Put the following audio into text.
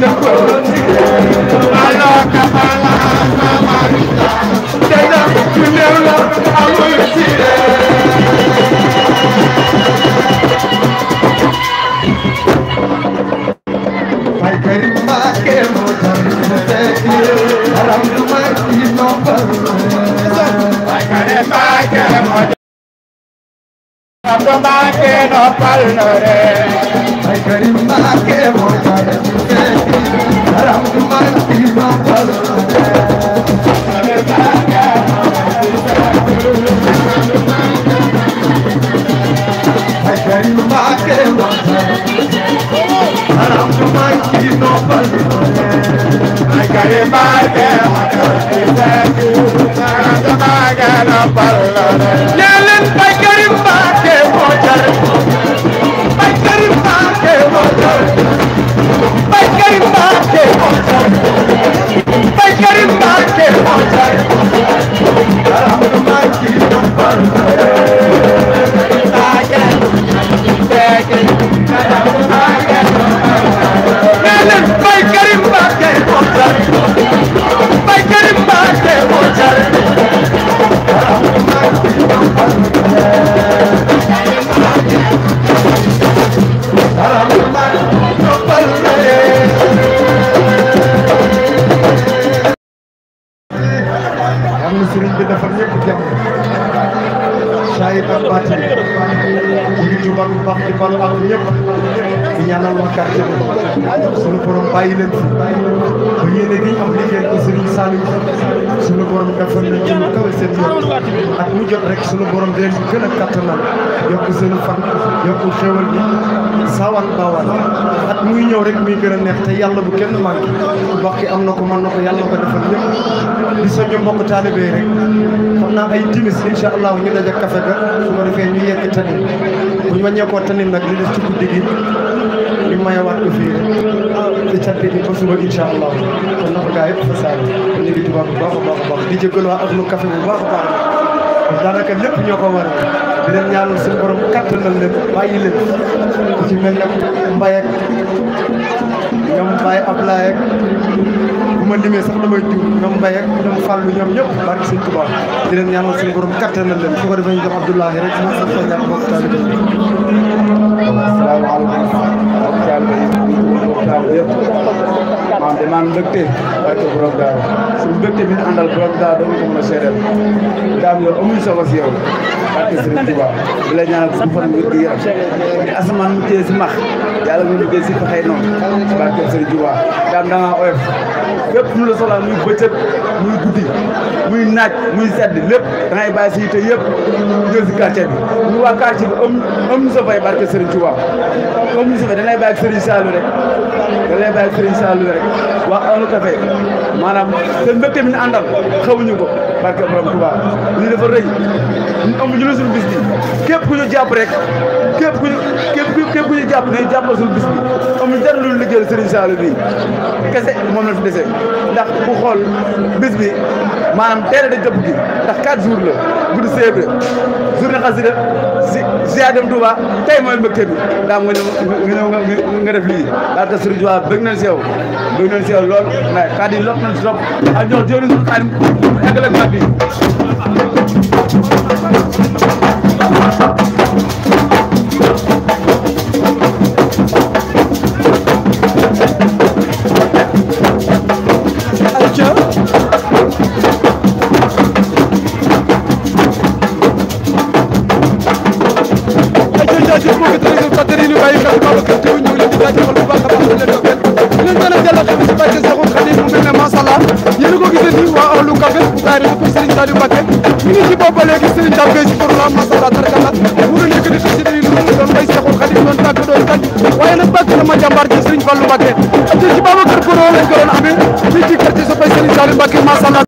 I'm not going to Yeah. di defal ñëpp jàmm saa yi ak bàtt yi ñu ngi jubal baax di balu ak ñëpp. di ñaanal waa quartier bi suñu borom bàyyi leen fi ba yéene gi am liggéey ko Serigne borom defal nañ ci lu kawe seen yoon mu borom di leen gën a kattanal at muy ñëw rek mu gën a neex te yàlla bu kenn manqué mbokk ki am na ko mën na ko yàlla ko defal ñëpp di soññu mbokk taalibe rek xam naa ay timis incha allah ñu daje kafe ga su ma defee ñu yegg tanin bu ñu wàññeekoo tanin nag li des ci guddi li maye waat ah, ko fii ci cappi bi ba suba incha allah kon na ko gaa fa saal ñu ngi tubaab bu baax a baax a baax di jégal waa daanaka lépp ñoo ko war di leen ñaanal suñu borom kattanal leen bàyyi leen ku ci mel ne Mbaye ñoom Mbaye Ablaye ak bu ma limee sax damay jiw ñoom Mbaye ak ñoom Fallou ñoom ñëpp barke suñu tubaab di leen ñaanal suñu borom kattanal leen su ko defee ñu jox Abdoulahi rek mo mbégte barke borom daara suñu mbégte bi ñu àndal borom daara doo ko mën a seedeel daam yow amuñu soxla si yow barke Sëriñ Tuuba di la ñaanal suñu fan wér gu yaram ni asamaan mu téye si max yàlla mu liggéey si fexey noonu barke Sëriñ Tuuba daam da ngaa oyof lépp ñu la soxla muy bëccëg muy guddi muy naaj muy sedd lépp da ngay si yitte yëpp jël si quartier bi ñu waa quartier bi am am ñu sa fay Sëriñ Tuuba am ñu Sëriñ Saalu rek da lay bàyyi rek waa Eunou Café maanaam seen mbégte mi ñu àndal xawuñu ko barke borom Touba lii dafa rëy ñu amuñu la suñu bis bi képp ku ñu jàpp rek képp ku ñu képp ku jàpp ne jàppal suñu bis bi liggéeyal Serigne Saliou bi kese moom la fi dese ndax bu xool bis bi maanaam teel a da dëpp gi ndax 4 jours la guddi seebre journée xasida si ziar dem Touba tey mooy mbégte bi daa mooy nga nga def lii daa tax Serigne Touba bëgg nañ si yow bëgg nañ si yow lool mais kàddu yi lopp nañ si lopp ak ñoo jëw nañ suñu xaarim egg la bi ci mbokk tëri ba tëri ñu bàyyi xel ba ko teew ñu leen di jaajëfal bu baax a baax leen dogal ñu leen gënal jàll xam ci barke Seexul Xadiim mu mel ne maa sha Allah yéen a ko gisee nii waa ahlu café bu taari bu Serigne Saliou Mbacké ñu ngi ci bopp ba léegi Serigne Dambé ci pour la maa sha Allah tarkala mu doon yëkkati ci di lu mu doon bay Seexul Xadiim doon tàgg doon tàgg waaye nag bàgg na ma jàmbaar ci Serigne Fallou Mbacké ci ci Babacar Borom lañ ko doon amee fii ci quartier Serigne Saliou Mbacké maa sha Allah